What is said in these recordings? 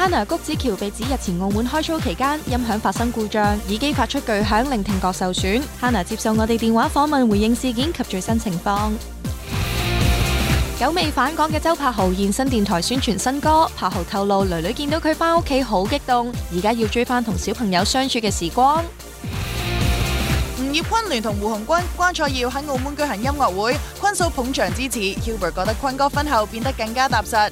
Hana n 菊梓喬被指日前澳門開 show 期間音響發生故障，耳機發出巨響令聽覺受損。Hana n 接受我哋電話訪問回應事件及最新情況。 久未返港嘅周柏豪現身電台宣傳新歌，柏豪透露女女見到佢翻屋企好激動，而家要追翻同小朋友相處嘅時光。吳業坤聯同胡鴻鈞、關楚耀喺澳門舉行音樂會，坤嫂捧場支持，Hubert 覺得坤哥婚後變得更加踏實。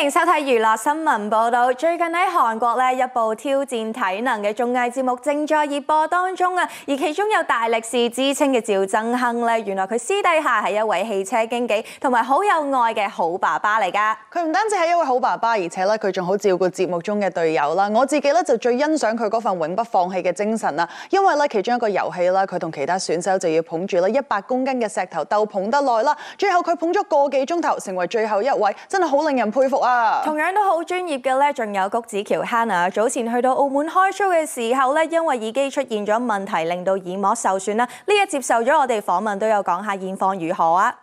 歡迎收睇娛樂新聞報道。最近喺韓國咧，一部挑戰體能嘅綜藝節目正在熱播當中啊！而其中有大力士之稱嘅趙振亨咧，原來佢私底下係一位汽車經紀，同埋好有愛嘅好爸爸嚟噶。佢唔單止係一位好爸爸，而且咧佢仲好照顧節目中嘅隊友啦。我自己咧就最欣賞佢份永不放棄嘅精神啦。因為咧其中一個遊戲啦，佢同其他選手就要捧住咧一百公斤嘅石頭鬥捧得耐啦。最後佢捧咗個幾鐘頭，成為最後一位，真係好令人佩服啊！同樣都好專業嘅咧，仲有谷子橋 Hannah。早前去到澳門開 show 嘅時候咧，因為耳機出現咗問題，令到耳膜受損啦。呢一接受咗我哋訪問，都有講下現況如何啊。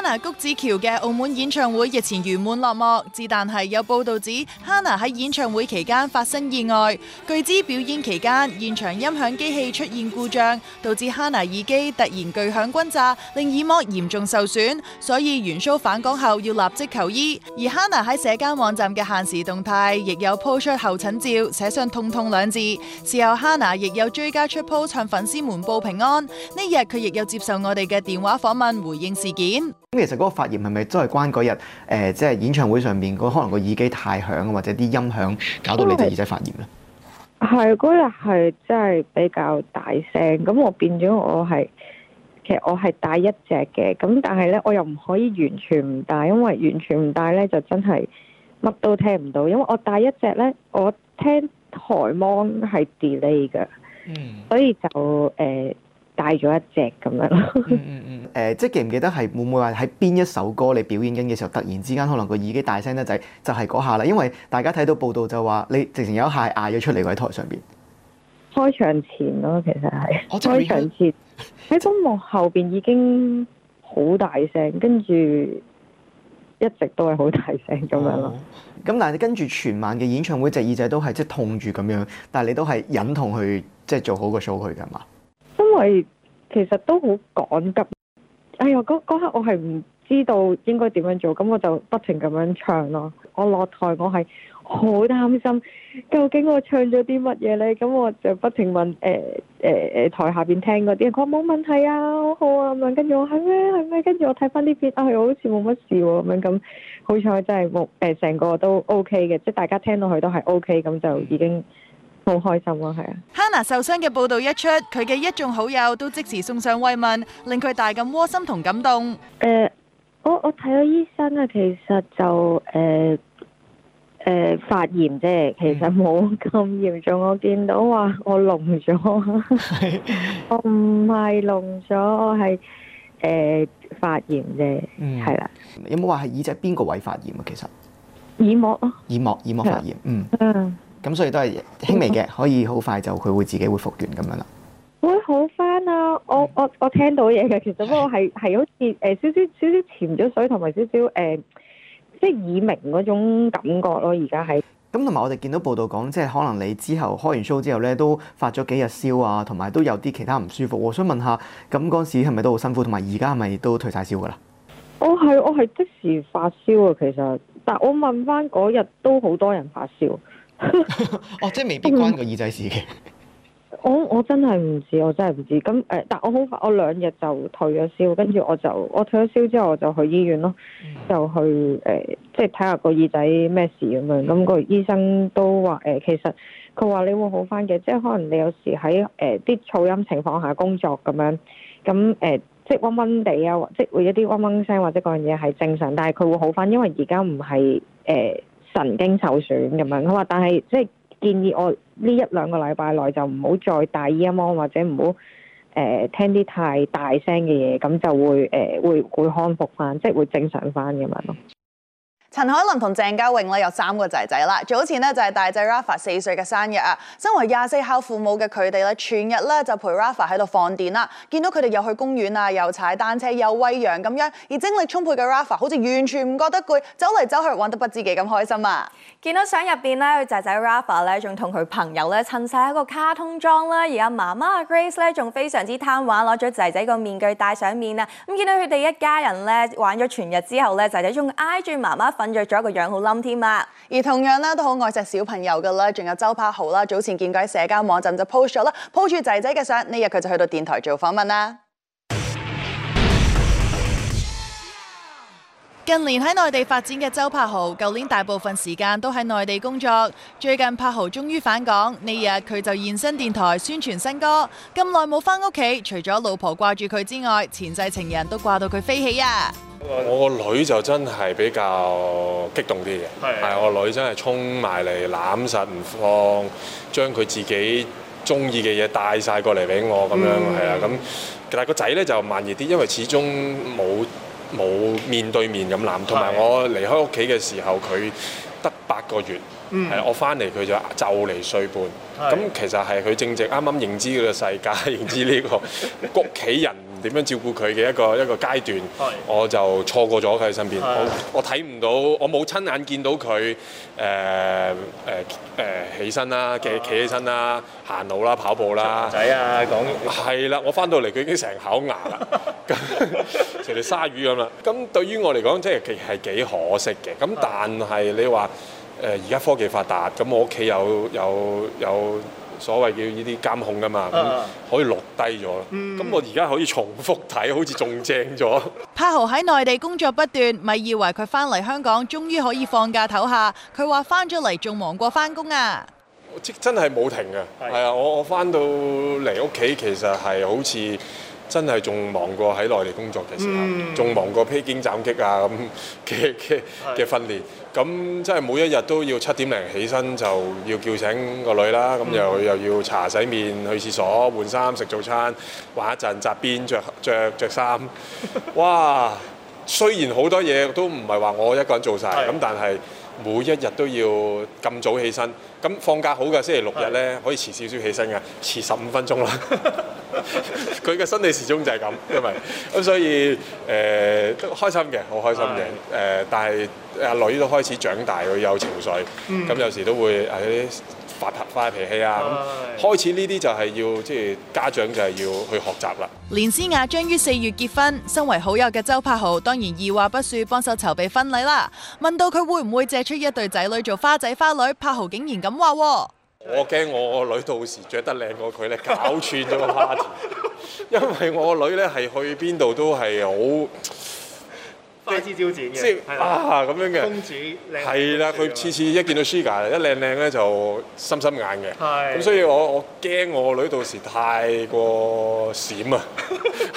哈娜谷子橋嘅澳門演唱會日前圓滿落幕，但係有報道指哈娜喺演唱會期間發生意外。據知表演期間現場音響機器出現故障，導致哈娜耳機突然巨響轟炸，令耳膜嚴重受損，所以完 show 返港後要立即求醫。而哈娜喺社交網站嘅限時動態亦有鋪出候診照，寫上痛痛兩字。事後哈娜亦有追加出鋪向粉絲們報平安。呢日佢亦有接受我哋嘅電話訪問回應事件。咁其實嗰個發炎係咪都係關嗰日誒，即係、呃、即係、演唱會上邊嗰，可能個耳機太響，或者啲音響搞到你隻耳仔發炎咧？係嗰日係真係比較大聲，咁我變咗我係其實我係戴一隻嘅，咁但係咧我又唔可以完全唔戴，因為完全唔戴咧就真係乜都聽唔到，因為我戴一隻咧，我聽台芒係 delay 噶嗯，所以就誒。呃戴咗一隻咁樣咯、嗯嗯呃。即係記唔記得係會唔會話喺邊一首歌你表演緊嘅時候，突然之間可能個耳機大聲得滯，就係嗰下啦。因為大家睇到報道就話你直情有下嗌咗出嚟喺台上邊。開場前咯，其實係開場前，喺公幕後面已經好大聲，跟住一直都係好大聲咁樣咯。咁、哦、但係你跟住全晚嘅演唱會，隻耳仔都係即係痛住咁樣，但係你都係忍痛去即係做好個數據㗎嘛？係，其實都好趕急。哎呀，嗰刻我係唔知道應該點樣做，咁我就不停咁樣唱咯。我落台我係好擔心，究竟我唱咗啲乜嘢呢？咁我就不停問誒誒、呃呃、台下邊聽嗰啲人，佢話冇問題啊，好啊咁、哎啊、樣。跟住我係咩係咩？跟住我睇翻啲片，啊，我好似冇乜事喎咁樣。咁好彩真係冇成個都 O K 嘅，即係大家聽到佢都係 O K，咁就已經。好開心啊，係啊！Hannah 受傷嘅報道一出，佢嘅一眾好友都即時送上慰問，令佢大咁窩心同感動。誒、呃，我我睇咗醫生啊，其實就誒誒、呃呃、發炎啫，其實冇咁嚴重。我見到話我聾咗， 我唔係聾咗，我係誒發炎啫，啊。嗯，係啦，啊。有冇話係耳仔邊個位發炎啊？其實耳膜耳膜耳膜發炎。嗯，啊，嗯。嗯咁所以都係輕微嘅，可以好快就佢會自己會復原咁樣啦。會好翻啊！我我我聽到嘢嘅，其實不過係係好似誒、呃、少少少少潛咗水，同埋少少誒、呃、即耳鳴嗰種感覺咯。而家係咁，同埋我哋見到報道講，即係可能你之後開完 show 之後咧，都發咗幾日燒啊，同埋都有啲其他唔舒服。我想問下，咁嗰陣時係咪都好辛苦，同埋而家係咪都退晒燒噶啦、哦？我係我係即時發燒啊，其實，但我問翻嗰日都好多人發燒。 哦，即係未必關個耳仔事嘅 。我我真係唔知，我真係唔知。咁誒，但我好，我兩日就退咗燒，跟住我就我退咗燒之後，我就去醫院咯，就去誒、呃，即係睇下個耳仔咩事咁樣。咁、那個醫生都話誒、呃，其實佢話你會好翻嘅，即係可能你有時喺誒啲噪音情況下工作咁樣，咁誒即係嗡嗡地啊，即係會一啲嗡嗡聲或者嗰樣嘢係正常，但係佢會好翻，因為而家唔係誒。呃神經受損咁樣，佢話但係即係建議我呢一兩個禮拜內就唔好再戴耳 mon 或者唔好誒聽啲太大聲嘅嘢，咁就會誒、呃、會會康復翻，即係會正常翻咁樣咯。陳凱琳同鄭嘉穎咧有三個仔仔啦，早前咧就係大仔 Rafa 四歲嘅生日啊，身為廿四孝父母嘅佢哋咧，全日咧就陪 Rafa 喺度放電啦，見到佢哋又去公園啊，又踩單車，又餵羊咁樣，而精力充沛嘅 Rafa 好似完全唔覺得攰，走嚟走去玩得不知幾咁開心啊！見到相入邊咧，佢仔仔 Rafa 咧仲同佢朋友咧，襯晒一個卡通裝啦，而阿媽媽 Grace 咧仲非常之貪玩，攞咗仔仔個面具戴上面啊，咁見到佢哋一家人咧玩咗全日之後咧，仔仔仲挨住媽媽。瞓着咗個樣好冧添啊！而同樣啦，都好愛錫小朋友㗎啦，仲有周柏豪啦。早前見佢喺社交網站就 post 咗啦，抱住仔仔嘅相。呢日佢就去到電台做訪問啦。近年喺內地發展嘅周柏豪，舊年大部分時間都喺內地工作。最近柏豪終於返港，呢日佢就現身電台宣傳新歌。咁耐冇返屋企，除咗老婆掛住佢之外，前世情人都掛到佢飛起啊！我個女就真係比較激動啲嘅，係我個女真係衝埋嚟攬實唔放，將佢自己中意嘅嘢帶晒過嚟俾我咁樣，係、嗯、啦，咁、嗯。但係個仔咧就慢熱啲，因為始終冇冇面對面咁攬，同埋我離開屋企嘅時候佢得八個月，係、嗯、我翻嚟佢就就嚟歲半，咁、嗯、其實係佢正正啱啱認知佢個世界， 認知呢、這個屋企人。點樣照顧佢嘅一個一個階段，Hey. 我就錯過咗佢喺身邊，Hey. 我睇唔到，我冇親眼見到佢誒誒誒起身啦，企企起身啦，行路啦，跑步啦，仔啊，講係啦，我翻到嚟佢已經成口牙啦，成條鯊魚咁啦。咁對於我嚟講，即係其實係幾可惜嘅。咁但係你話誒而家科技發達，咁我屋企有有有，有有所謂嘅呢啲監控㗎嘛，咁可以錄低咗。咁我而家可以重複睇，好似仲正咗。柏、嗯、豪喺內地工作不斷，咪以為佢翻嚟香港終於可以放假唞下。佢話翻咗嚟仲忙過翻工啊！即真係冇停啊。係啊！我我翻到嚟屋企其實係好似。真係仲忙過喺內地工作嘅時候，仲、嗯、忙過披荊斬棘啊咁嘅嘅嘅訓練。咁真係每一日都要七點零起身，就要叫醒個女啦。咁、嗯、又又要擦洗面、去廁所、換衫、食早餐、玩一陣、紮辮、着着著衫。 哇！雖然好多嘢都唔係話我一個人做晒，咁，但係每一日都要咁早起身。咁放假好嘅星期六日呢，可以遲少少起身嘅，遲十五分鐘啦。 佢嘅生理時鐘就係咁，因為咁、嗯、所以誒、呃、開心嘅，好開心嘅誒、呃，但係阿女都開始長大，會有情緒，咁、嗯嗯、有時都會誒發發脾氣啊、嗯嗯。開始呢啲就係要即係、就是、家長就係要去學習啦。連詩雅將於四月結婚，身為好友嘅周柏豪當然二話不説幫手籌備婚禮啦。問到佢會唔會借出一對仔女做花仔花女，柏豪竟然咁話喎。我驚我個女到時着得靚過佢咧，搞串咗個 party。因為我個女咧係去邊度都係好花枝招展嘅，啊咁樣嘅。公主靚係啦，佢次次一見到 Sugar 一靚靚咧就深深眼嘅。係咁，所以我我驚我個女到時太過閃啊！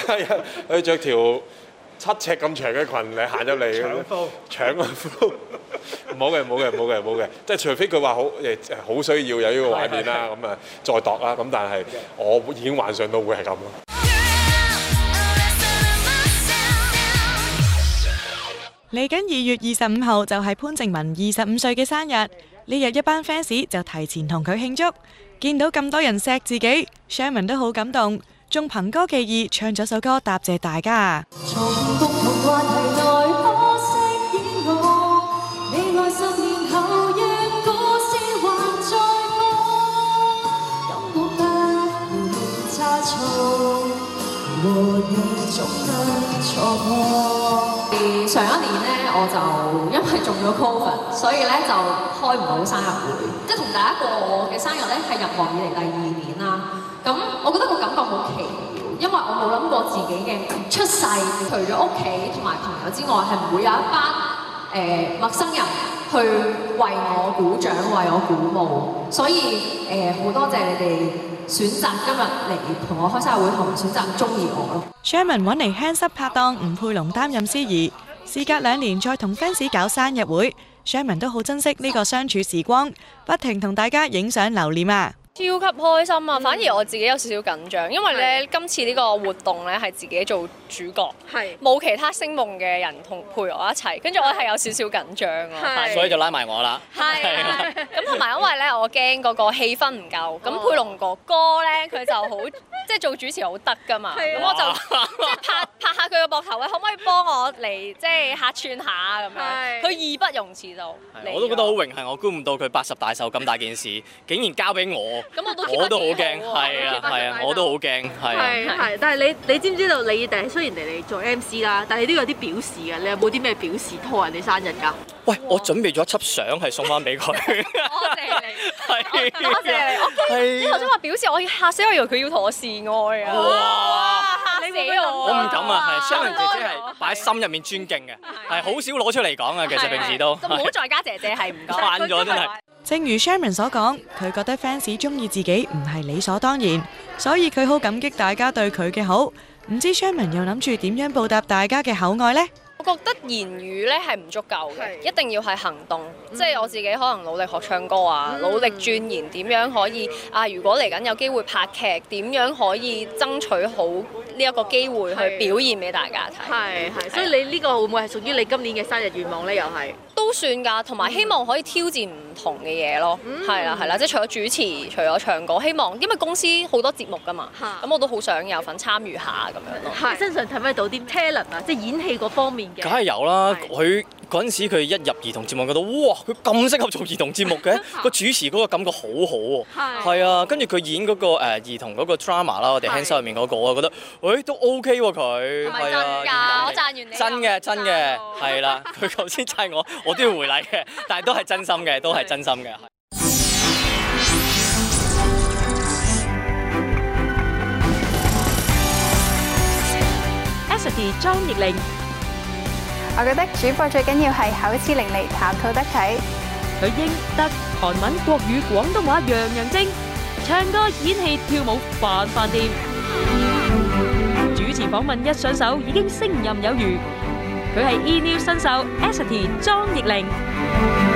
係啊，佢着條七尺咁長嘅裙嚟行入嚟咁，搶褲，搶個褲，冇嘅，冇嘅，冇嘅，冇嘅，即係除非佢話好，誒，好需要有呢個畫面啦，咁啊，再度啦，咁但係我已經幻想到會係咁咯。嚟緊二月二十五號就係潘靜文二十五歲嘅生日，呢日一班 fans 就提前同佢慶祝，見到咁多人錫自己，Sharon 都好感動。仲憑歌寄意唱咗首歌答謝大家。上一年呢，我就因為中咗 COVID，所以咧就開唔到 生日會，即係同大家過我嘅生日咧，係入行以嚟第二年。我自己嘅出世，除咗屋企同埋朋友之外，係唔會有一班誒陌生人去為我鼓掌、為我鼓舞，所以誒好多謝你哋選擇今日嚟同我開生日會，同選擇中意我咯。Sherman 揾嚟 hands up 拍檔吳佩龍擔任司儀，事隔兩年再同 fans 搞生日會，Sherman 都好珍惜呢個相處時光，不停同大家影相留念啊！超級開心啊！反而我自己有少少緊張，因為咧今次呢個活動咧係自己做主角，冇其他星夢嘅人同陪我一齊，跟住我係有少少緊張啊。所以就拉埋我啦。係。咁同埋因為咧，我驚嗰個氣氛唔夠。咁、哦、佩龍哥哥咧，佢就好 即係做主持好得㗎嘛。咁我就即、就係、拍拍下佢個膊頭，喂， 可唔可以幫我嚟即係客串一下咁樣？佢義不容辭到，我都覺得好榮幸，我估唔到佢八十大壽咁大件事，竟然交俾我。我都好驚，係、哦、啊，係啊，啊，我都好驚，係、啊啊。係係、啊啊啊，但係你你知唔知道你？你哋雖然嚟做 MC 啦，但係你都有啲表示嘅。你有冇啲咩表示拖人哋生日噶？喂，我準備咗一輯相係送翻俾佢。多 謝，謝你，多、 啊啊、謝，謝你。我驚、啊，你頭先話表示，我要嚇死，我以為佢要同我示愛啊。哇！嚇死我！我唔敢啊，係、啊。Sharon、啊啊、姐姐係擺喺心入面尊敬嘅，係好少攞出嚟講啊。其實平時都唔好再加姐姐係唔該。慣咗真係。正如 Sherman 所講，佢覺得 fans 中意自己唔係理所當然，所以佢好感激大家對佢嘅好。唔知 Sherman 又諗住點樣報答大家嘅厚愛咧？我覺得言語咧係唔足夠嘅，一定要係行動。即係我自己可能努力學唱歌啊，努力鑽研，點樣可以啊？如果嚟緊有機會拍劇，點樣可以爭取好呢一個機會去表現俾大家睇？係係。所以你呢個會唔會係屬於你今年嘅生日願望咧？又係？都算㗎，同埋希望可以挑戰唔同嘅嘢咯，係啦係啦，即係除咗主持，除咗唱歌，希望因為公司好多節目㗎嘛，咁我都好想有份參與一下咁樣咯。身上睇唔睇到啲 talent 啊？即係演戲嗰方面嘅？梗係有啦，佢。嗰陣時佢一入兒童節目，覺得哇，佢咁適合做兒童節目嘅，個 主持嗰個感覺很好好喎。係 啊，跟住佢演嗰、那個誒、呃、兒童嗰個 drama 啦、 那個， 我哋《輕手》入面嗰個啊，覺得，喂、欸，都 OK 喎、啊、佢。係啊，我讚完你。真嘅真嘅，係 啦。佢頭先讚我，我都要回禮嘅，但係都係真心嘅，都係真心嘅。S T 張亦玲。 我覺得主播最緊要係口齒伶俐，談吐得體。佢英德韓文國語廣東話樣樣精，唱歌演戲跳舞凡飯店。主持訪問一上手已經勝任有餘。佢係 E News 新秀，Ashley 莊亦玲。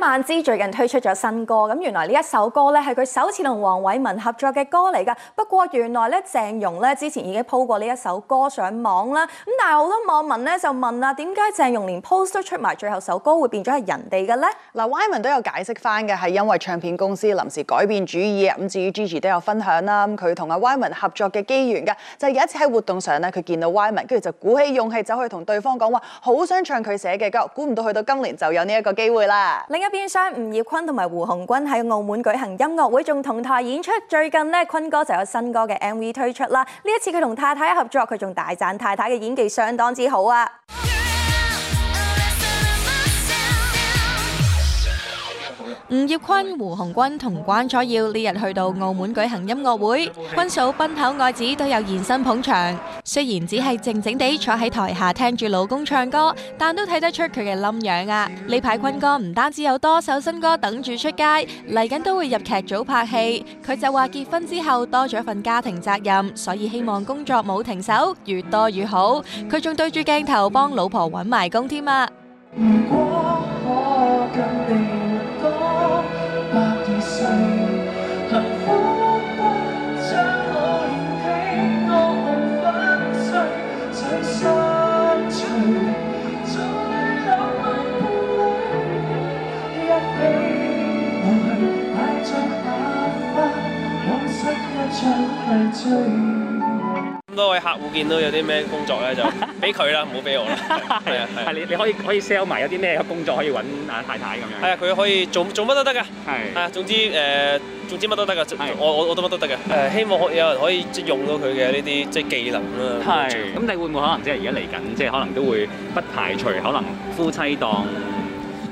萬芝最近推出咗新歌，咁原來呢一首歌咧係佢首次同黃偉文合作嘅歌嚟噶。不過原來咧，鄭融咧之前已經鋪過呢一首歌上網啦。咁但係好多網民咧就問啊，點解鄭融連 post 都出埋，最後首歌會變咗係人哋嘅咧？嗱，Wyman 都有解釋翻嘅，係因為唱片公司臨時改變主意啊。咁至於 Gigi 都有分享啦，佢同阿 Wyman 合作嘅機緣嘅就係、是、有一次喺活動上咧，佢見到 Wyman 跟住就鼓起勇氣走去同對方講話，好想唱佢寫嘅歌。估唔到去到今年就有呢一個機會啦。另一邊廂吳業坤同埋胡鴻鈞喺澳門舉行音樂會，仲同台演出。最近咧，坤哥就有新歌嘅 MV 推出啦。呢一次佢同太太合作，佢仲大讚太太嘅演技相當之好啊！吳業坤、胡鴻鈞同關楚耀呢日去到澳門舉行音樂會，坤嫂奔口愛子都有現身捧場。雖然只係靜靜地坐喺台下聽住老公唱歌，但都睇得出佢嘅冧樣啊！呢排坤哥唔單止有多首新歌等住出街，嚟緊都會入劇組拍戲。佢就話結婚之後多咗份家庭責任，所以希望工作冇停手，越多越好。佢仲對住鏡頭幫老婆搵埋工添啊！咁多位客戶見到有啲咩工作咧，就俾佢啦，唔好俾我啦。係 啊，係、啊。係你、啊、你可以可以 sell 埋有啲咩工作可以搵啊太太咁樣。係啊，佢可以做做乜都得噶。係。啊，總之誒、呃，總之乜都得噶，我我我都乜都得噶。誒、呃，希望可有人可以即用到佢嘅呢啲即係技能啦。係。咁你會唔會可能即係而家嚟緊，即、就、係、是、可能都會不排除可能夫妻檔。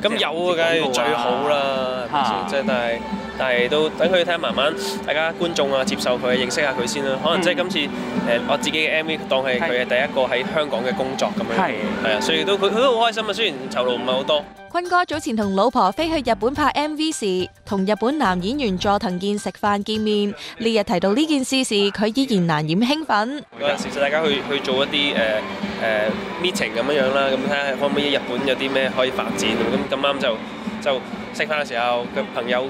咁有嘅梗係最好啦。吓、啊。即係但係。但係都等佢睇下，慢慢大家觀眾啊接受佢，認識下佢先啦。可能即係今次誒，我自己嘅 MV 當係佢嘅第一個喺香港嘅工作咁樣。係啊，所以都佢佢都好開心啊。雖然酬勞唔係好多。坤哥早前同老婆飛去日本拍 MV 時，同日本男演員佐藤健食飯見面。呢日提到呢件事時，佢依然難掩興奮。嗰陣時，大家去去做一啲誒誒 meeting 咁樣樣啦，咁睇下可唔可以日本有啲咩可以發展。咁咁啱就就食飯嘅時候，個朋友。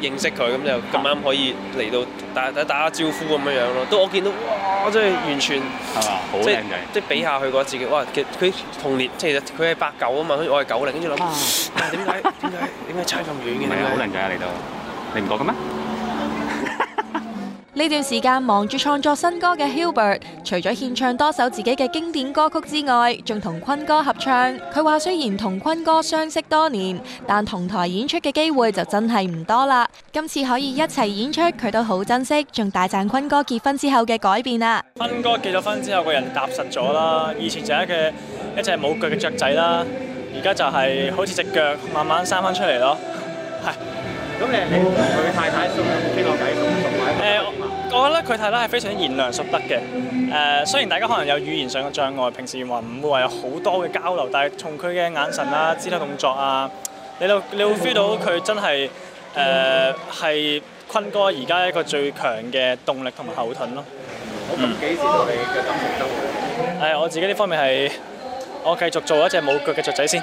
認識佢，咁就咁啱可以嚟到打打打下招呼咁樣樣咯，都我見到哇真係完全，好即係即係比下去嗰個自己哇，其實佢同年，即係佢係八九啊嘛，好似我係九零，跟住諗，但係點解點解點解差咁遠嘅？唔係啊，好靚仔啊嚟到，你唔覺嘅咩？呢段時間忙住創作新歌嘅 Hubert，除咗獻唱多首自己嘅經典歌曲之外，仲同坤哥合唱。佢話雖然同坤哥相識多年，但同台演出嘅機會就真係唔多啦。今次可以一齊演出，佢都好珍惜，仲大讚坤哥結婚之後嘅改變啦。坤哥結咗婚之後，個人踏實咗啦，以前就係一隻一隻冇腳嘅雀仔啦，而家就係好似隻腳慢慢生翻出嚟咯。係，咁你你同佢太太仲有冇邊同埋？我覺得佢睇得係非常之賢良淑德嘅。誒，雖然大家可能有語言上嘅障礙，平時話唔會話有好多嘅交流，但係從佢嘅眼神啊、肢體動作啊，你度你會 feel 到佢真係誒係坤哥而家一個最強嘅動力同埋後盾咯。嗯。好幾次我哋嘅感情都會。誒，我自己呢方面係我繼續做一隻冇腳嘅雀仔先。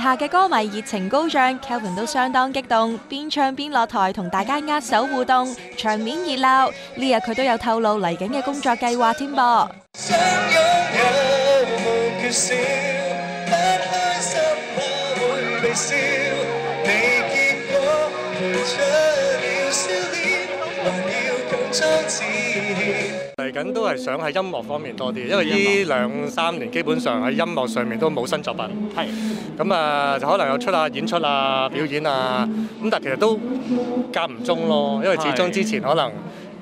下嘅歌迷熱情高漲，Kevin 都相當激動，邊唱邊落台同大家握手互動，場面熱鬧。呢日佢都有透露嚟緊嘅工作計劃添噃。Yeah. 嚟緊都係想喺音樂方面多啲，因為呢兩三年基本上喺音樂上面都冇新作品。係。咁啊，就可能有出下、啊、演出啊、表演啊。咁但係其實都間唔中咯，因為始終之前可能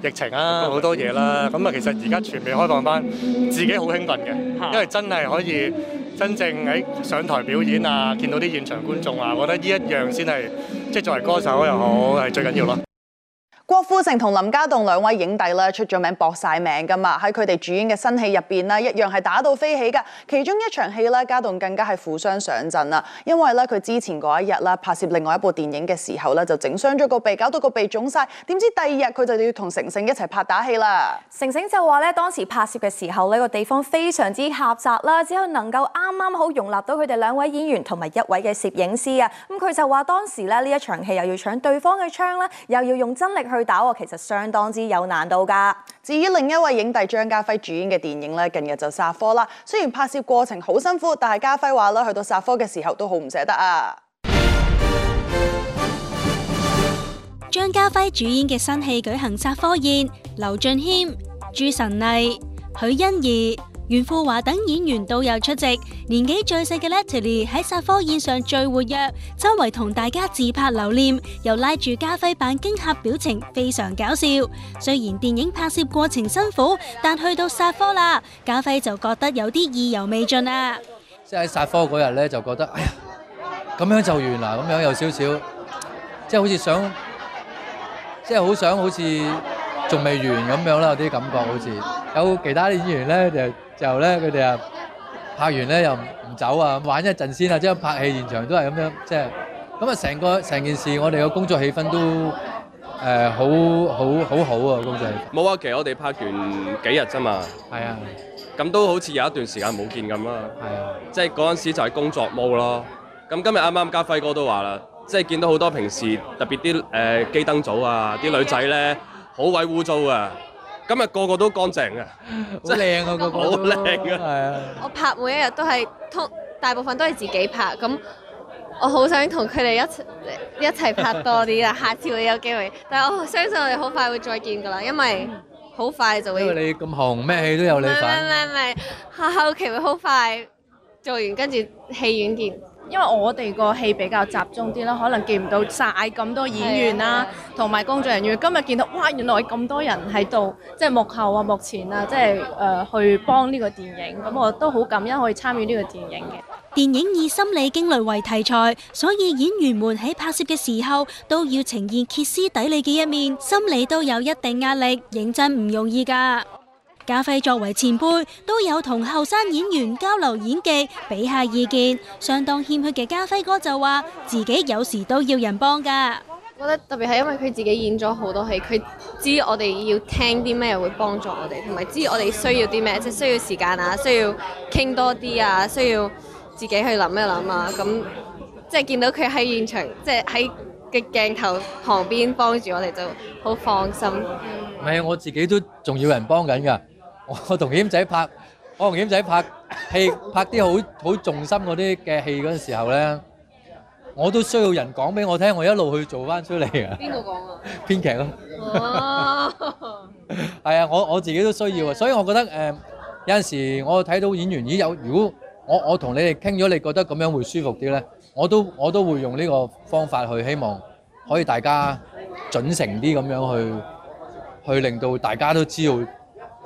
疫情啊好多嘢啦。咁啊，其實而家全面開放翻，自己好興奮嘅，因為真係可以真正喺上台表演啊，見到啲現場觀眾啊，我覺得呢一樣先係，即係作為歌手又好係最緊要咯。郭富城同林家棟兩位影帝咧出咗名搏晒命噶嘛，喺佢哋主演嘅新戲入邊咧，一樣係打到飛起噶。其中一場戲咧，家棟更加係負傷上陣啦，因為咧佢之前嗰一日咧拍攝另外一部電影嘅時候咧就整傷咗個鼻，搞到個鼻腫晒。點知第二日佢就要同城城一齊拍打戲啦。城城就話咧當時拍攝嘅時候呢個地方非常之狹窄啦，只有能夠啱啱好容納到佢哋兩位演員同埋一位嘅攝影師啊。咁佢就話當時咧呢一場戲又要搶對方嘅槍啦，又要用真力去。去打我，其實相當之有難度噶。至於另一位影帝張家輝主演嘅電影咧，近日就殺科啦。雖然拍攝過程好辛苦，但係家輝話啦，去到殺科嘅時候都好唔捨得啊。張家輝主演嘅新戲舉行殺科宴，劉俊謙、朱晨麗、許恩怡、袁富華等演員都有出席，年紀最細嘅 Letitia 喺殺科宴上最活躍，周圍同大家自拍留念，又拉住加菲扮驚嚇表情，非常搞笑。雖然電影拍攝過程辛苦，但去到殺科啦，加菲就覺得有啲意猶未盡啊！即係喺殺科嗰日咧，就覺得哎呀，咁樣就完啦，咁樣有少少，即係好似想，即係好想好似仲未完咁樣啦，有啲感覺好，好似有其他演員咧就。就咧，佢哋啊拍完咧又唔走啊，玩一陣先啊，即係拍戲現場都係咁樣，即係咁啊，成個成件事我哋個工作氣氛都誒、呃、好好好好啊，工作氣氛。冇啊，其實我哋拍完幾日咋嘛。係啊，咁、嗯、都好似有一段時間冇見咁啊。係啊，即係嗰陣時就係工作冇咯。咁今日啱啱家輝哥都話啦，即、就、係、是、見到好多平時特別啲誒、呃、機燈組啊，啲女仔咧好鬼污糟啊。今日個個都乾淨啊，真靚啊個個，好靚啊。係啊，我拍每一日都係通，大部分都係自己拍。咁我好想同佢哋一一齊拍多啲啦，下次會有機會。但係我相信我哋好快會再見噶啦，因為好快就會因為你咁紅，咩戲都有你份。唔係唔係，後期會好快做完，跟住戲院見。因為我哋個戲比較集中啲啦，可能見唔到晒咁多演員啦，同埋工作人員。今日見到哇，原來咁多人喺度，即係幕後啊、幕前啊，即係誒、呃、去幫呢個電影。咁、嗯、我都好感恩可以參與呢個電影嘅電影，以心理驚慄為題材，所以演員們喺拍攝嘅時候都要呈現歇斯底里嘅一面，心理都有一定壓力，認真唔容易㗎。家輝作為前輩，都有同後生演員交流演技，俾下意見。相當謙虛嘅家輝哥就話：自己有時都要人幫噶。我覺得特別係因為佢自己演咗好多戲，佢知我哋要聽啲咩會幫助我哋，同埋知我哋需要啲咩，即係需要時間啊，需要傾多啲啊，需要自己去諗一諗啊。咁即係見到佢喺現場，即係喺嘅鏡頭旁邊幫住我哋就好放心。唔係，我自己都仲要人幫緊噶。我同謙仔拍，我同謙仔拍戲拍啲好好重心嗰啲嘅戲嗰陣時候咧，我都需要人講俾我聽，我一路去做翻出嚟啊。邊個講啊？編劇咯。哦。係啊，我我自己都需要啊，所以我覺得誒有陣時我睇到演員已有，如果我我同你哋傾咗，你覺得咁樣會舒服啲咧，我都我都會用呢個方法去，希望可以大家準誠啲咁樣去，去令到大家都知道。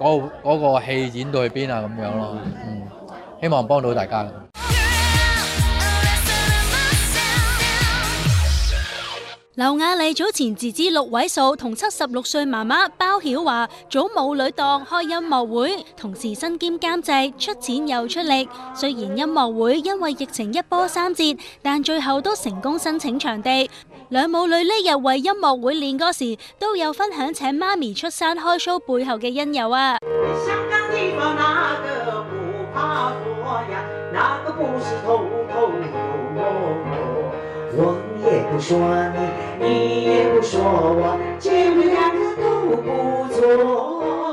嗰嗰個戲演到去邊啊？咁樣咯，嗯，希望幫到大家。劉雅麗早前自資六位數同七十六歲媽媽包曉華組母女檔開音樂會，同時身兼監製，出錢又出力。雖然音樂會因為疫情一波三折，但最後都成功申請場地。兩母女呢日為音樂會練歌時，都有分享請媽咪出山開 show 背後嘅因由啊。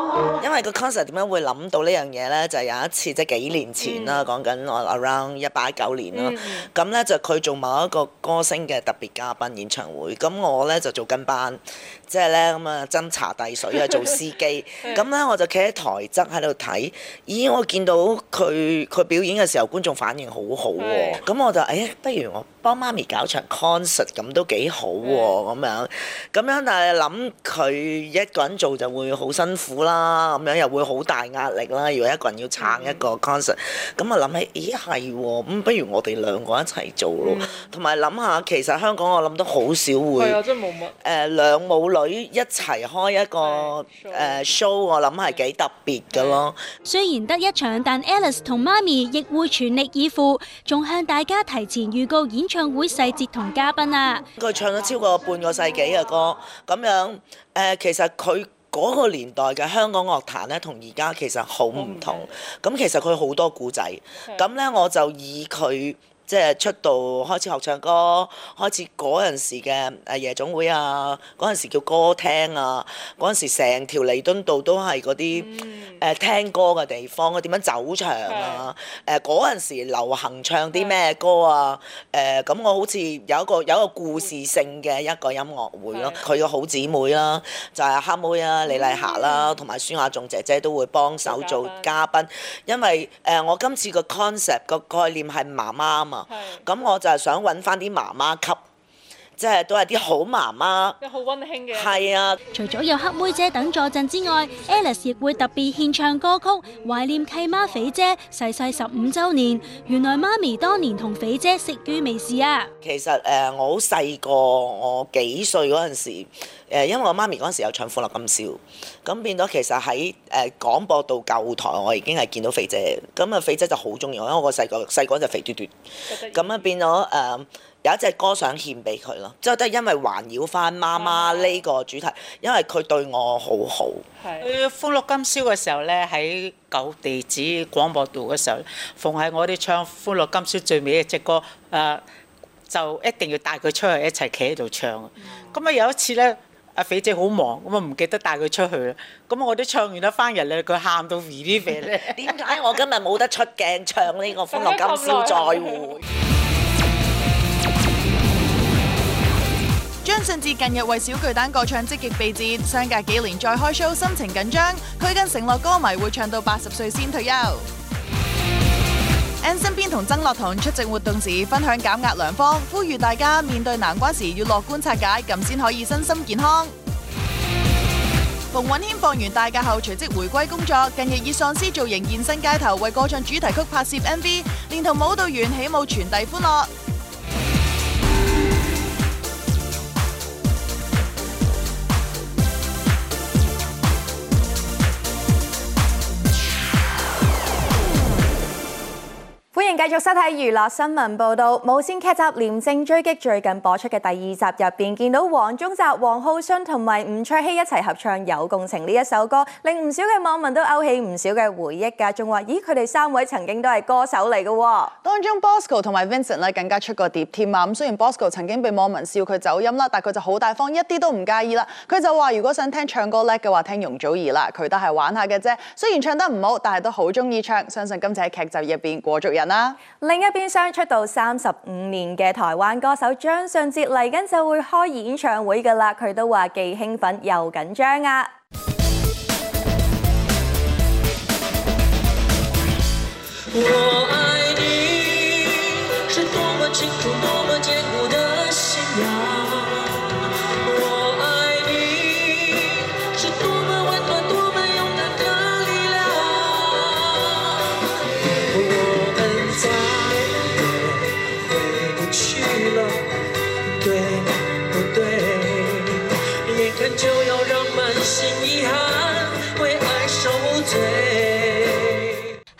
因為個 concert 點解會諗到呢樣嘢呢？就係、有一次即係幾年前啦，講緊我 around 一八九年啦。咁、嗯、呢，就佢做某一個歌星嘅特別嘉賓演唱會，咁我、就是、呢，就做跟班，即係呢，咁啊斟茶遞水啊做司機。咁呢，我就企喺台側喺度睇，咦我見到佢佢表演嘅時候觀眾反應好好、哦、喎。咁我就哎呀不如我。幫媽咪搞場 concert 咁都幾好喎，啊，咁樣咁樣，但係諗佢一個人做就會好辛苦啦，咁樣又會好大壓力啦。如果一個人要撐一個 concert，咁啊諗起，咦係喎，咁不如我哋兩個一齊做咯。同埋諗下，其實香港我諗都好少會誒、嗯呃、兩母女一齊開一個、嗯呃 show，呃、show，我諗係幾特別㗎咯。雖然得一場，但 Alice 同媽咪亦會全力以赴，仲向大家提前預告演唱會細節同嘉賓啊。佢唱咗超過半個世紀嘅歌，咁樣誒、呃，其實佢嗰個年代嘅香港樂壇咧，同而家其實好唔同。咁、Okay. 其實佢好多古仔，咁、Okay. 咧我就以佢。即係出道開始學唱歌，開始陣時嘅誒夜總會啊，陣時叫歌廳啊，陣時成條彌敦道都係啲誒聽歌嘅地方啊，點樣走場啊？誒陣、呃、時流行唱啲咩歌啊？誒咁、呃、我好似有一個有一個故事性嘅一個音樂會咯，佢個好姊妹啦、啊，就係、是、黑妹啊、李麗霞啦、啊，同埋孫雅頌姐姐都會幫手做嘉賓，因為誒、呃、我今次個 concept 個概念係媽媽啊嘛。咁我就係想搵翻啲媽媽級，即、就、係、是、都係啲好媽媽，好溫馨嘅。係啊，除咗有黑妹姐等坐陣之外，Alice 亦會特別獻唱歌曲懷念契媽肥姐逝世十五周年。原來媽咪當年同肥姐識於微時啊！其實誒、呃，我好細個，我幾歲嗰陣時。誒，因為我媽咪嗰陣時有唱《歡樂今宵》，咁變咗其實喺誒廣播道舊台，我已經係見到肥姐，咁、嗯、啊肥姐就好中意我，因為我個細個細個就肥嘟嘟，咁、嗯、啊、嗯、變咗誒、呃、有一隻歌想獻俾佢咯，之後都係因為環繞翻媽媽呢個主題，因為佢對我好好。喺、啊《歡樂今宵》嘅時候呢，喺舊地址廣播道嘅時候，逢喺我哋唱《歡樂今宵》最尾一隻歌，誒、呃、就一定要帶佢出去一齊企喺度唱。咁、嗯、啊有一次呢。阿肥姐好忙，咁啊唔記得帶佢出去啦。咁我都唱完一翻人咧，佢喊到 r e a d 點解我今日冇得出鏡唱呢個《歡樂今宵再會》 張信哲近日為小巨蛋個唱積極備戰，相隔幾年再開 show，心情緊張。佢更承諾歌迷會唱到八十歲先退休。喺身邊同曾樂彤出席活動時分享減壓良方，呼籲大家面對難關時要樂觀拆解，咁先可以身心健康。 馮允謙放完大假後，隨即回歸工作，近日以喪屍造型現身街頭，為歌唱主題曲拍攝 MV，連同舞蹈員起舞，傳遞歡樂。歡迎繼續收睇娛樂新聞報道。無綫劇集《廉政追擊》最近播出嘅第二集入邊，見到黃宗澤、王浩信同埋吳卓羲一齊合唱《有共情》呢一首歌，令唔少嘅網民都勾起唔少嘅回憶噶。仲話咦，佢哋三位曾經都係歌手嚟噶。當中 Bosco 同埋 Vincent 咧更加出過碟添啊。咁雖然 Bosco 曾經被網民笑佢走音啦，但佢就好大方，一啲都唔介意啦。佢就話如果想聽唱歌叻嘅話，聽容祖兒啦。佢都係玩下嘅啫，雖然唱得唔好，但係都好中意唱。相信今次喺劇集入邊過足癮。另一邊廂，出道三十五年嘅台灣歌手張信哲嚟緊就會開演唱會㗎喇，佢都話既興奮又緊張啊！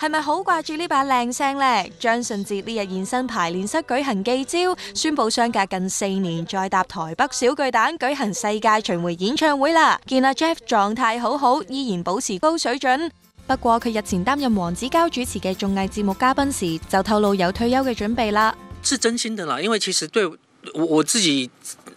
係咪好掛住呢把靚聲呢？張信哲呢日現身排練室舉行記招，宣佈相隔近四年再搭台北小巨蛋舉行世界巡迴演唱會啦！見阿 Jeff 狀態好好，依然保持高水準。不過佢日前擔任黃子佼主持嘅綜藝節目嘉賓時，就透露有退休嘅準備啦。是真心的啦，因為其實對我自己。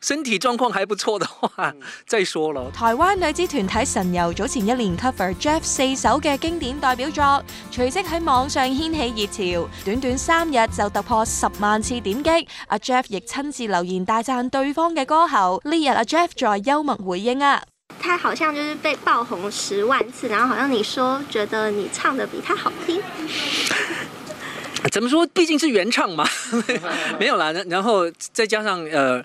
身體狀況還不錯的話，嗯，再說了。台灣女子團體神遊早前一年 cover Jeff 四首嘅經典代表作，隨即喺網上掀起熱潮，短短三日就突破十萬次點擊。阿 Jeff 亦親自留言大讚對方嘅歌喉。呢日阿 Jeff 在幽默回應啊，他好像就是被爆紅十萬次，然後好像你說覺得你唱得比他好聽， 怎麼說？畢竟是原唱嘛， 沒有啦。然後再加上，誒、呃。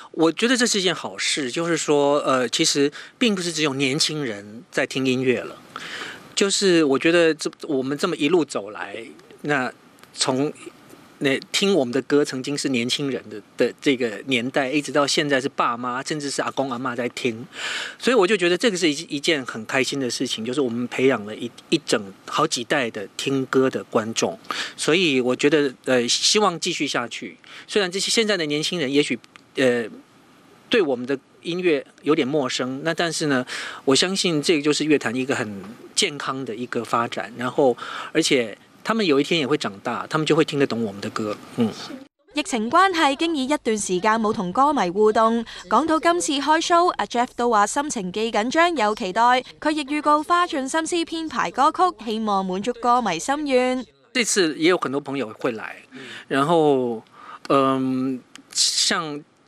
我覺得這是一件好事，就是說，呃，其實並不是只有年輕人在聽音樂了。就是我覺得這，這我們這麼一路走來，那從那聽我們的歌，曾經是年輕人的的這個年代，一直到現在是爸媽，甚至是阿公阿媽在聽，所以我就覺得這個是一一件很開心的事情，就是我們培養了一一整好幾代的聽歌的觀眾，所以我覺得，呃，希望繼續下去。雖然這些現在的年輕人，也許，呃。對我們的音樂有點陌生，那但是呢，我相信這個就是樂壇一個很健康的一個發展，然後而且他們有一天也會長大，他們就會聽得懂我們的歌。嗯，疫情關係經已一段時間冇同歌迷互動，講到今次開 show，阿 Jeff 都話心情既緊張又期待，佢亦預告花盡心思編排歌曲，希望滿足歌迷心願。這次也有很多朋友會來，然後嗯、呃，像。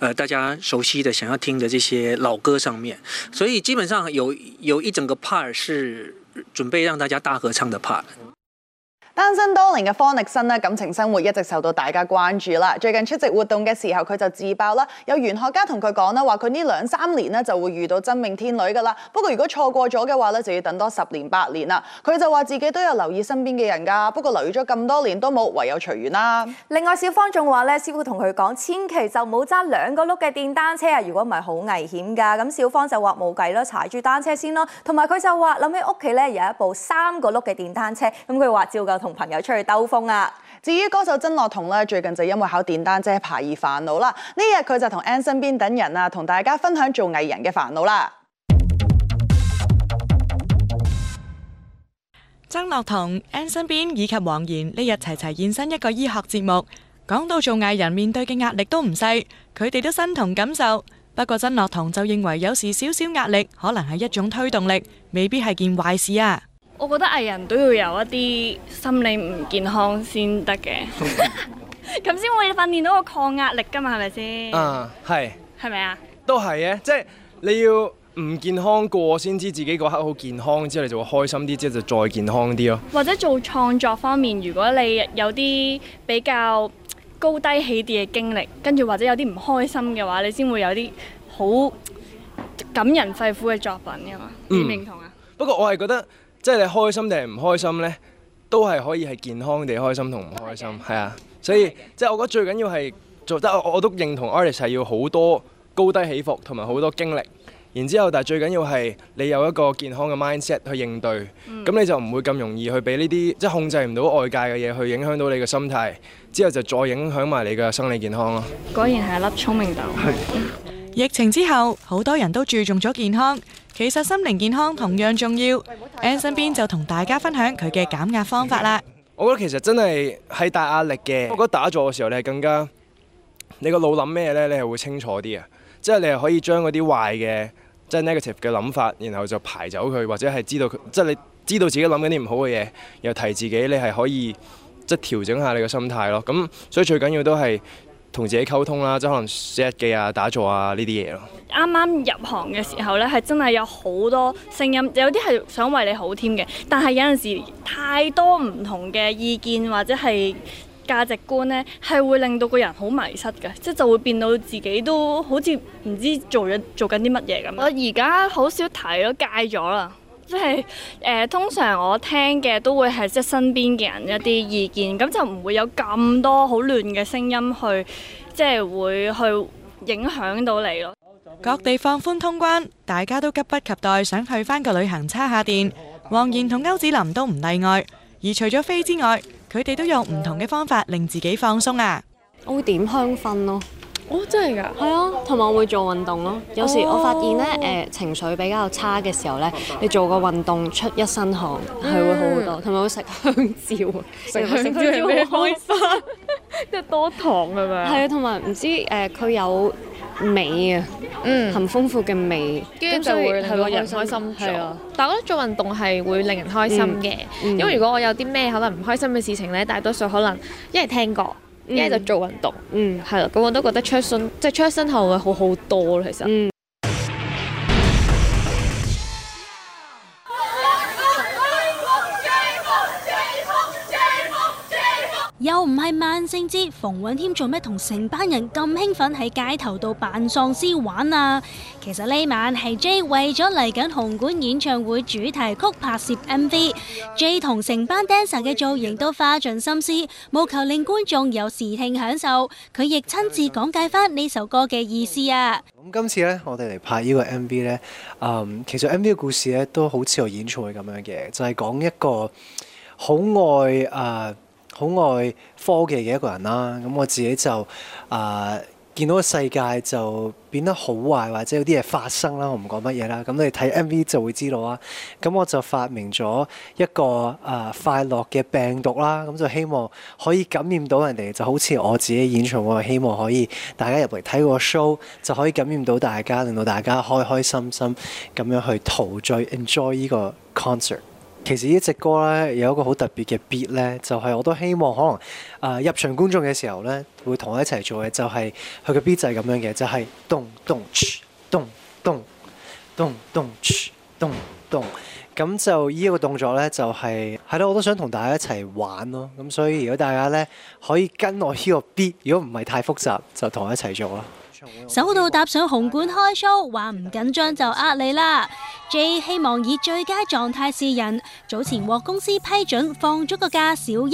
呃，大家熟悉的、想要聽的這些老歌上面，所以基本上有有一整個 part 是準備讓大家大合唱的 part。單身多年嘅方力申咧，感情生活一直受到大家關注啦。最近出席活動嘅時候，佢就自爆啦，有玄學家同佢講啦，話佢呢兩三年咧就會遇到真命天女噶啦。不過如果錯過咗嘅話咧，就要等多十年八年啦。佢就話自己都有留意身邊嘅人噶，不過留意咗咁多年都冇，唯有隨緣啦。另外小方仲話咧，師傅同佢講，千祈就冇揸兩個轆嘅電單車啊，如果唔係好危險噶。咁小方就話冇計啦，踩住單車先咯。同埋佢就話諗起屋企咧有一部三個轆嘅電單車，咁佢話照舊。同朋友出去兜風啊！至於歌手曾樂彤咧，最近就因為考電單車牌、就是、而煩惱啦。呢日佢就同 Ann 身邊等人啊，同大家分享做藝人嘅煩惱啦。曾樂彤、Ann 身邊以及黃言呢日齊齊現身一個醫學節目，講到做藝人面對嘅壓力都唔細，佢哋都身同感受。不過曾樂彤就認為有時少少壓力可能係一種推動力，未必係件壞事啊。我覺得藝人都要有一啲心理唔健康先得嘅，咁先會訓練到個抗壓力噶嘛，係咪先？啊，係。係咪啊？都係嘅，即係你要唔健康過先知自己嗰刻好健康，之後你就會開心啲，之後就再健康啲咯。或者做創作方面，如果你有啲比較高低起跌嘅經歷，跟住或者有啲唔開心嘅話，你先會有啲好感人肺腑嘅作品嘅嘛？你、嗯、認同啊？不過我係覺得。即係你開心定係唔開心呢？都係可以係健康地開心同唔開心，係啊。所以即係、就是、我覺得最緊要係做得，我我都認同。Artist 係要好多高低起伏同埋好多經歷。然之後，但係最緊要係你有一個健康嘅 mindset 去應對。咁、嗯、你就唔會咁容易去俾呢啲即係控制唔到外界嘅嘢去影響到你嘅心態，之後就再影響埋你嘅生理健康咯。果然係一粒聰明豆、嗯。疫情之後，好多人都注重咗健康。其實心靈健康同樣重要 Ann 身邊就同大家分享佢嘅減壓方法啦。我覺得其實真係係大壓力嘅，我覺得打坐嘅時候你係更加，你個腦諗咩呢？你係會清楚啲啊，即係你係可以將嗰啲壞嘅，即係 negative 嘅諗法，然後就排走佢，或者係知道佢，即係你知道自己諗緊啲唔好嘅嘢，又提自己你係可以即係調整下你嘅心態咯。咁所以最緊要都係。同自己溝通啦，即可能寫日記啊、打坐啊呢啲嘢咯。啱啱入行嘅時候呢，係真係有好多聲音，有啲係想為你好添嘅，但係有陣時太多唔同嘅意見或者係價值觀呢，係會令到個人好迷失嘅，即係就會變到自己都好似唔知做嘢做緊啲乜嘢咁。我而家好少睇咯，戒咗啦。即係誒，通常我聽嘅都會係，即係身邊嘅人一啲意見，咁就唔會有咁多好亂嘅聲音去，即係會去影響到你咯。各地放寬通關，大家都急不及待想去翻個旅行，叉下電。王賢同歐子林都唔例外，而除咗飛之外，佢哋都用唔同嘅方法令自己放鬆啊。我會點香薰咯。哦、oh，真係㗎！係啊，同埋我會做運動咯。有時我發現咧，誒、oh. 呃、情緒比較差嘅時候咧，oh. 你做個運動出一身汗，係會好好多。同埋會食香蕉，食香蕉係會開心，即係 多糖係咪啊？係啊，同埋唔知誒，佢、呃、有鎂啊，mm. 含豐富嘅鎂，跟住就會令個人開心。係啊，但係我覺得做運動係會令人開心嘅，mm. Mm. 因為如果我有啲咩可能唔開心嘅事情咧，大多數可能因為聽歌。一、嗯、就做運動，嗯，係啦，咁我都覺得出一身，即係出一身汗會好好多咯，其實。嗯又唔係萬聖節，馮允謙做咩同成班人咁興奮喺街頭度扮喪屍玩啊？其實呢晚係 J 為咗嚟緊紅館演唱會主題曲拍攝 M V。J 同成班 dancer 嘅造型都花盡心思，務求令觀眾有視聽享受。佢亦親自講解返呢首歌嘅意思啊！咁今次呢，我哋嚟拍呢個 M V 呢，嗯，其實 M V 故事呢都好似我演唱會咁樣嘅，就係，是，講一個好愛誒。呃好愛科技嘅一個人啦，咁我自己就啊、呃、見到個世界就變得好壞，或者有啲嘢發生啦，我唔講乜嘢啦。咁你睇 MV 就會知道啦。咁我就發明咗一個啊、呃、快樂嘅病毒啦，咁就希望可以感染到人哋，就好似我自己演唱會，希望可以大家入嚟睇個 show 就可以感染到大家，令到大家開開心心咁樣去陶醉 enjoy 呢個 concert。其實呢隻歌咧有一個好特別嘅 beat 咧，就係我都希望可能誒入場觀眾嘅時候咧，會同我一齊做嘅，就係佢嘅 beat 就係咁樣嘅，就係咚咚咚咚咚咚咚咚咚。咁就依個動作咧就係係咯，我都想同大家一齊玩咯。咁所以如果大家咧可以跟我依個 beat，如果唔係太複雜，就同我一齊做啦。首度搭上紅館開 show，話唔緊張就呃你啦。J 希望以最佳狀態示人，早前獲公司批准放足個假小休，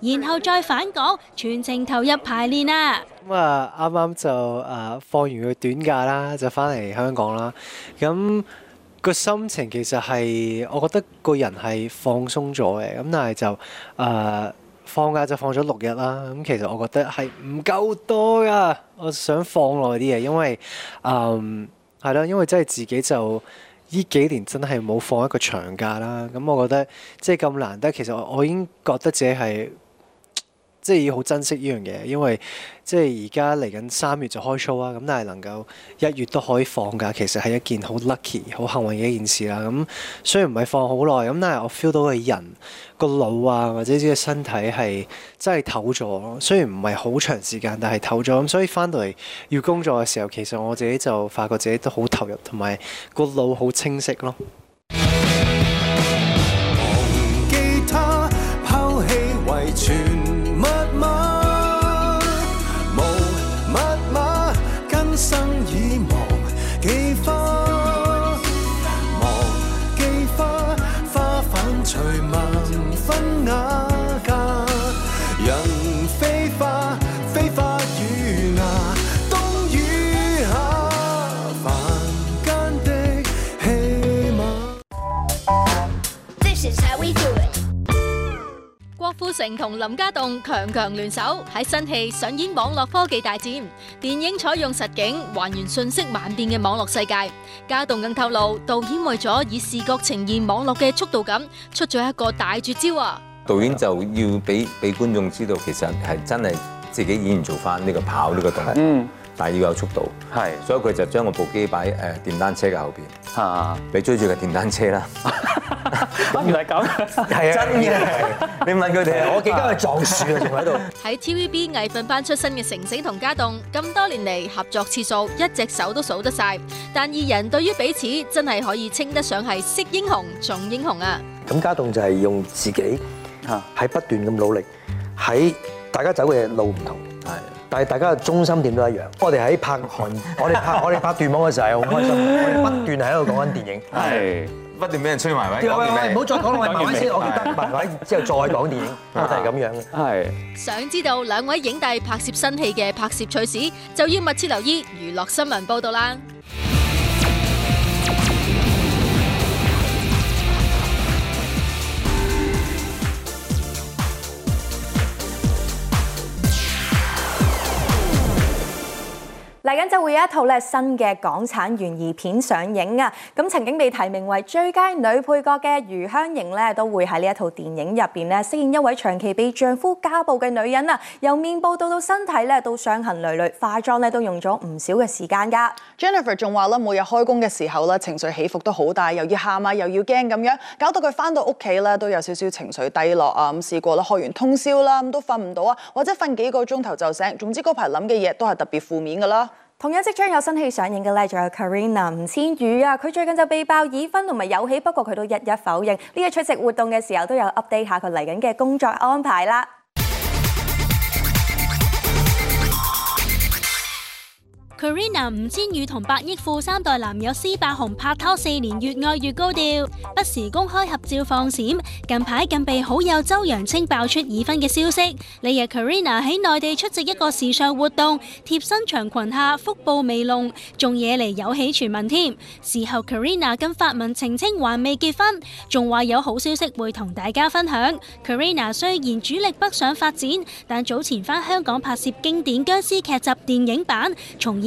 然後再返港，全程投入排練啦。咁啊，啱啱就誒放完佢短假啦，就返嚟香港啦。咁個心情其實係，我覺得個人係放鬆咗嘅。咁但係就誒。呃放假就放咗六日啦，咁其實我覺得係唔夠多噶，我想放耐啲嘢，因為，誒係啦，因為真係自己就呢幾年真係冇放一個長假啦，咁我覺得即係咁難得，其實我，我已經覺得自己係。即係要好珍惜呢樣嘢，因為即係而家嚟緊三月就開 show 啦，咁但係能夠一月都可以放假，其實係一件好 lucky、好幸運嘅一件事啦。咁雖然唔係放好耐，咁但係我 feel 到個人、個腦啊，或者自己嘅身體係真係透咗咯。雖然唔係好長時間，但係透咗，咁所以翻到嚟要工作嘅時候，其實我自己就發覺自己都好投入，同埋個腦好清晰咯。富城同林家棟強強聯手，喺新戲上演網絡科技大戰。電影採用實景還原瞬息萬變嘅網絡世界。家棟更透露，導演為咗以視覺呈現網絡嘅速度感，出咗一個大絕招啊！導演就要俾俾觀眾知道，其實係真係自己演員做翻呢個跑呢個動作，但係要有速度。係，所以佢就將個部機擺喺電單車嘅後邊，你追住個電單車啦。原來咁，係啊，真嘅。你問佢哋，我幾間去撞樹啊，仲喺度。喺 TVB 藝訓班出身嘅城城同家棟，咁多年嚟合作次數一隻手都數得晒。但二人對於彼此真係可以稱得上係識英雄重英雄啊。咁家棟就係用自己喺不斷咁努力，喺大家走嘅路唔同，係，但係大家嘅中心點都一樣。我哋喺拍《寒》，我哋拍我哋拍《斷網》嘅時候係好開心，我哋不斷喺度講緊電影，係。不斷俾人吹埋位，喂喂喂，唔好再講攞埋位先，我覺得埋位之後再講電影我就係咁樣嘅。係，想知道兩位影帝拍攝新戲嘅拍攝趣事，就要密切留意娛樂新聞報道啦。嚟緊就會有一套咧新嘅港產懸疑片上映啊！咁曾經被提名為最佳女配角嘅余香凝咧，都會喺呢一套電影入邊咧飾演一位長期被丈夫家暴嘅女人啊！由面部到到身體咧都傷痕累累，化妝咧都用咗唔少嘅時間噶。Jennifer 仲話咧，每日開工嘅時候咧情緒起伏都好大，又要喊啊又要驚咁樣，搞到佢翻到屋企咧都有少少情緒低落啊！咁試過啦，開完通宵啦，咁都瞓唔到啊，或者瞓幾個鐘頭就醒，總之嗰排諗嘅嘢都係特別負面噶啦。同樣即將有新戲上映嘅呢，仲有 Karina 吳千語啊！佢最近就被爆已婚同埋有喜，不過佢都一一否認。呢、這個出席活動嘅時候都有 update 下佢嚟緊嘅工作安排啦。Karena 吳千語同百億富三代男友施柏宏拍拖四年，越愛越高調，不時公開合照放閃。近排更被好友周揚青爆出已婚嘅消息。呢日 Karena 喺內地出席一個時尚活動，貼身長裙下腹部微隆，仲惹嚟有喜傳聞添。事後 Karena 更發文澄清還未結婚，仲話有好消息會同大家分享。Karena 雖然主力北上發展，但早前翻香港拍攝經典僵屍劇集電影版，重演。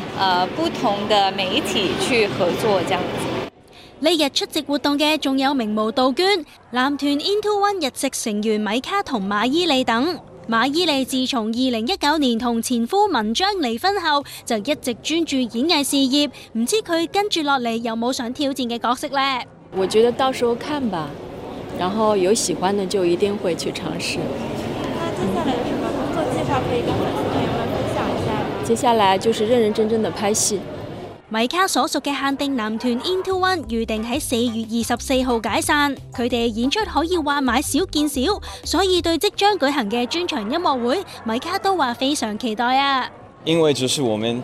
呃，不同的媒體去合作，這樣子。呢日出席活動嘅仲有名模杜鵑、男團 Into One 日籍成員米卡同馬伊俐等。馬伊俐自從二零一九年同前夫文章離婚後，就一直專注演藝事業。唔知佢跟住落嚟有冇想挑戰嘅角色呢？我覺得到時候看吧，然後有喜歡嘅就一定會去嘗試。接下來有什麼工作計劃可以跟我接下來就是認認真真的拍戲。米卡所屬嘅限定男團 Into One 預定喺四月二十四號解散，佢哋演出可以話買少見少，所以對即將舉行嘅專場音樂會，米卡都話非常期待啊。因為就是我們。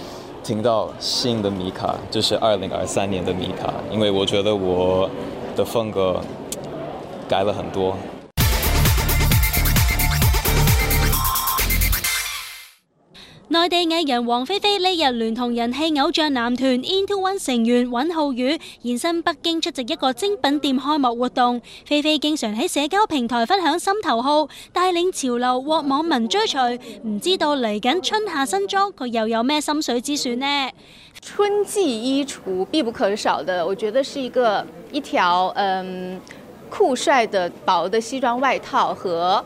聽到新的米卡，就是二零二三年的米卡，因為我覺得我的風格改了很多。內地藝人王菲菲呢日聯同人氣偶像男團 INTO1 成員尹浩宇現身北京出席一個精品店開幕活動。菲菲經常喺社交平台分享心頭號，帶領潮流獲網民追隨。唔知道嚟緊春夏新裝，佢又有咩心水之選呢？春季衣櫥必不可少的，我覺得是一個一條嗯酷帥的薄的西裝外套和。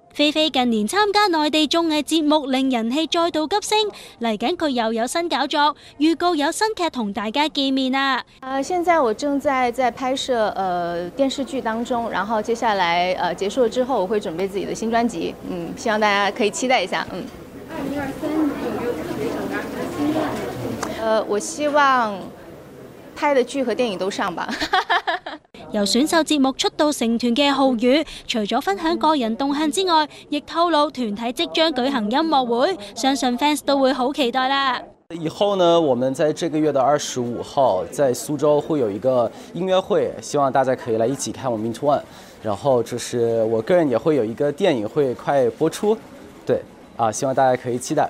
菲菲近年參加內地綜藝節目，令人氣再度急升。嚟緊佢又有新搞作，預告有新劇同大家見面啊！啊，現在我正在在拍攝呃電視劇當中，然後接下來呃結束了之後，我會準備自己的新專輯。嗯，希望大家可以期待一下。嗯。二零二三年有沒有特別想達成的心願？呃，我希望。拍的劇和電影都上吧。 由選秀節目出道成團嘅浩宇，除咗分享個人動向之外，亦透露團體即將舉行音樂會，相信 fans 都會好期待啦。以後呢，我們在這個月的二十五號，在蘇州會有一個音樂會，希望大家可以來一起看我們 INTO1。然後就是我個人也會有一個電影會快播出，對，啊，希望大家可以期待。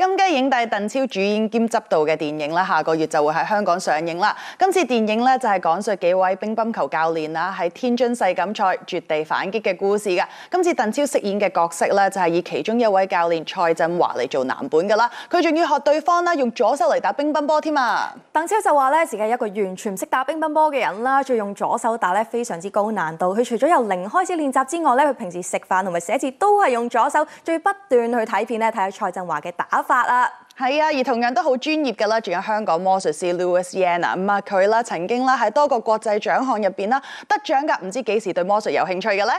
金雞影帝鄧超主演兼執導嘅電影啦，下個月就會喺香港上映啦。今次電影咧就係講述幾位乒乓球教練啦喺天津世錦賽絕地反擊嘅故事嘅。今次鄧超飾演嘅角色咧就係以其中一位教練蔡振華嚟做藍本㗎啦。佢仲要學對方啦用左手嚟打乒乓波添啊！鄧超就話咧自己係一個完全唔識打乒乓波嘅人啦，仲要用左手打咧非常之高難度。佢除咗由零開始練習之外咧，佢平時食飯同埋寫字都係用左手最，仲要不斷去睇片咧睇下蔡振華嘅打法。法啦、啊，係啊，而同樣都好專業噶啦，仲有香港魔術師 Louis Yan 咁啊佢啦曾經啦喺多個國際獎項入邊啦得獎噶，唔知幾時對魔術有興趣嘅咧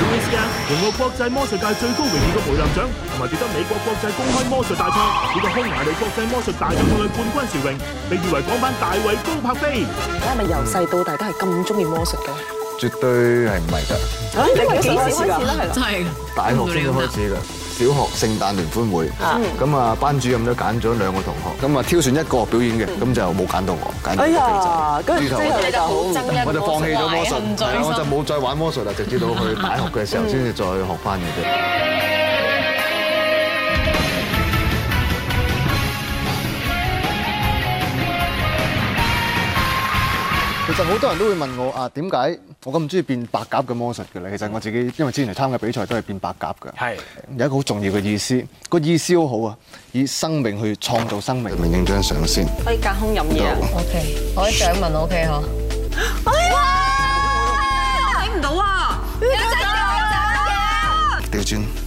？Louis Yan 榮獲國際魔術界最高榮譽嘅梅林獎，同埋奪得美國國際公開魔術大賽以及匈牙利國際魔術大獎賽嘅冠軍殊榮，被譽為港版大衛高柏飛。你係咪由細到大都係咁中意魔術嘅？絕對係。唔係㗎？啊！你係幾時開始咧？係啦，係。大學先開始噶，小學聖誕聯歡會。啊。咁啊，班主任都揀咗兩個同學，咁啊挑選一個表演嘅，咁就冇揀到我。哎呀！跟住之後就，我就放棄咗魔術，係啊，我就冇再玩魔術啦，直至到去大學嘅時候先至再學翻嘅啫。就好多人都會問我啊，點解我咁唔中意變白鴿嘅魔術嘅咧？其實我自己因為之前參加比賽都係變白鴿㗎，係有一個好重要嘅意思，個意思好好啊，以生命去創造生命。明影張相先，可以隔空飲嘢啊？O K，可以想問我 O K 呵？哎呀，睇唔到啊！有獎有獎，掉轉。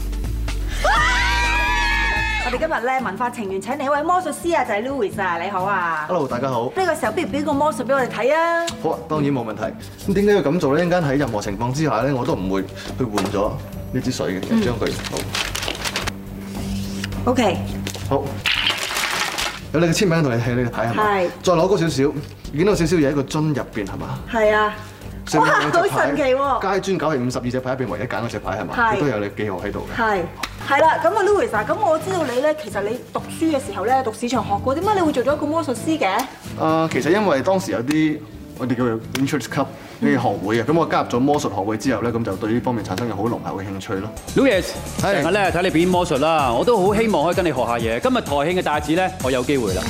我哋今日咧文化情緣，請你一位魔術師啊，就係、是、Louis 啊，你好啊，Hello，大家好。呢個時候，不如表演個魔術俾我哋睇啊。好啊，當然冇問題。咁點解要咁做咧？一陣間喺任何情況之下咧，我都唔會去換咗呢支水嘅。將佢好。O、okay. K，好。有你嘅簽名同你睇。你睇下係咪？係。再攞高少少，見到少少嘢喺個樽入邊係嘛？係啊。哇，好神奇喎、啊！街磚九係五十二隻牌入邊為了了一揀嗰隻牌係嘛？都有你記號喺度嘅。係係啦，咁啊，Louis 啊，咁我知道你咧，其實你讀書嘅時候咧，讀市場學過，點解你會做咗一個魔術師嘅？啊、呃，其實因為當時有啲我哋叫做 interest club，啲學會啊，咁、嗯、我加入咗魔術學會之後咧，咁就對呢方面產生有好濃厚嘅興趣咯。Louis，成日咧睇你表演魔術啦，我都好希望可以跟你學下嘢。今日台慶嘅大旨咧，我有機會啦。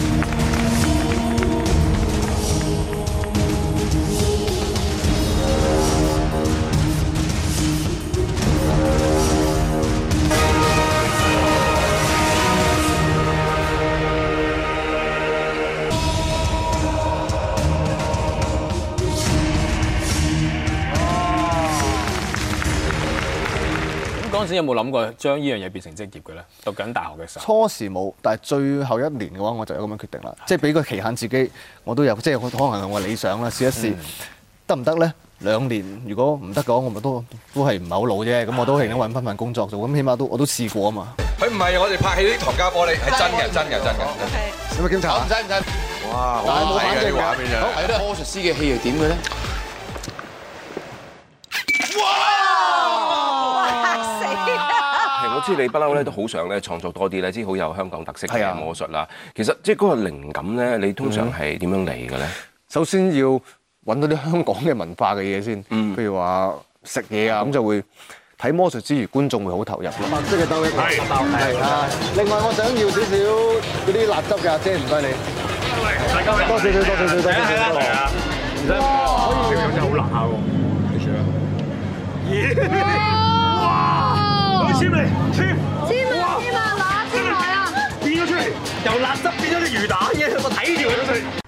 先有冇諗過將呢樣嘢變成職業嘅咧？讀緊大學嘅時候，初時冇，但係最後一年嘅話，我就有咁樣決定啦。即係俾個期限自己，我都有，即係可能係我理想啦，試一試得唔得咧？兩、嗯、年如果唔得嘅話，我咪都都係唔係好老啫。咁我都係想搵翻份工作做，咁起碼都我都試過啊嘛。佢唔係我哋拍戲啲唐家玻璃是的，係真嘅，真嘅，真嘅。咩、okay. okay. 警察？唔使唔使。哇，好睇冇呢啲畫面啊！好魔術師嘅戲係點嘅咧？我知道你不嬲咧都好想咧創作多啲咧，即係好有香港特色嘅魔術啦。啊、其實即係嗰個靈感咧，你通常係點樣嚟嘅咧？嗯、首先要揾到啲香港嘅文化嘅嘢先，譬如話、嗯、食嘢啊，咁就會睇魔術之餘，觀眾會好投入。白色嘅豆一係啊。另外我，我，我，我想要少少嗰啲辣汁嘅阿姐，姐，唔該你。多少少，多少少，啊，多少少。唔使可以，使、啊。哇、啊！好辣喎。幾時黐咪，黐，哇，黐咪，攞出嚟啊！嗯、來 wheel, 來 here, 變咗出嚟，由辣汁變咗啲魚蛋嘢，我睇住佢，都食。